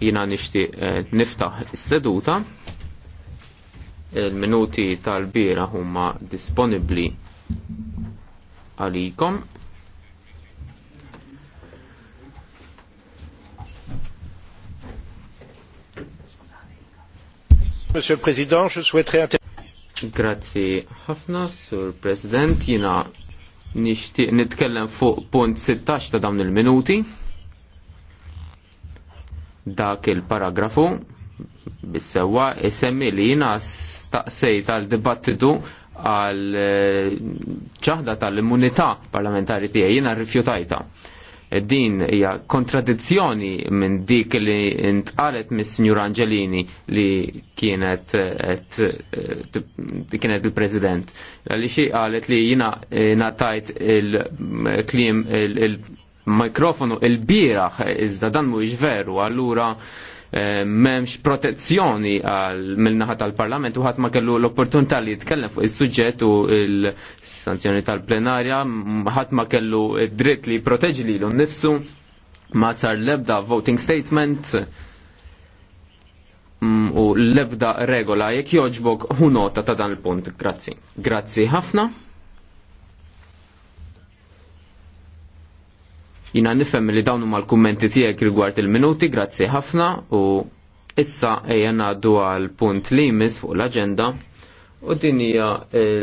jina nishti eh, niftaħ s seduta Il-minuti tal-bira huma disponibli għalikom. Monsieur le Président, je souhaiterais Grazie ħafna, Sur President, jina nishti nitkellem fuq punt 16 ta' dawn il-minuti dak il-paragrafu bissewa isemmi li jina staqsej tal-dibattitu għal eh, ċaħda tal-immunità parlamentari tiegħi jina rrifjutajta. E din hija kontradizzjoni minn dik li intqalet mis sinjur Angelini li kienet eh, kienet il-President. Għalli xie qalet li jina eh, natajt il-klim il-, -klim, il mikrofonu il-biraħ iżda dan mhuwiex veru, allura eh, memx protezzjoni mill-naħa tal-parlament u ħadd ma kellu l-opportunità li jitkellem fuq is-suġġett u l-sanzjoni tal-plenarja, ħadd ma kellu id-dritt li proteġi lilu nnifsu ma sar l-ebda voting statement mm, u l-ebda regola jekk joġbok hu nota ta' dan il-punt. Grazzi. Grazzi ħafna. Jina nifhem li dawn huma l-kummenti tiegħek rigward il-minuti, grazzi ħafna u issa ejjena ngħaddu għal punt li jmiss fuq l agenda u dinija